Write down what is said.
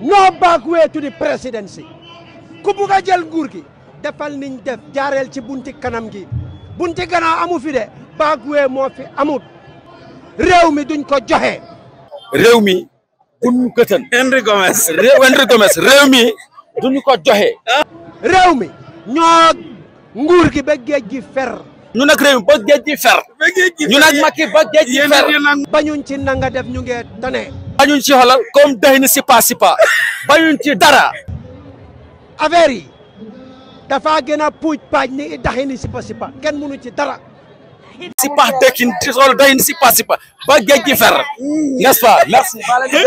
no back wee to the presidency ku bugg jël nguur gi defal niñ def jaareel ci bunti kanam gi bunti gannaaw amu fi de back way moo fi amut réew mi duñ ko joxe. réew mi duñ ko tën. Henry Gomez Henry Gomez mi duñ ko joxe. réew mi ñoo nguur ki ba géej gi fer. ñu nag réew mi ba géej gi fer. gi ñu nag Macky ba géej gi fer. bañuñ ci nanga def ñu ngi tane. bañuñ ci xolal comme day ni sipa sipa bañuñ ci dara affaire yi dafa gën a puuj paaj ni i daxi ni sipa sipa kenn mënu ci dara sipa dëkkin xool day ni sipa sipa ba géej gi fer nest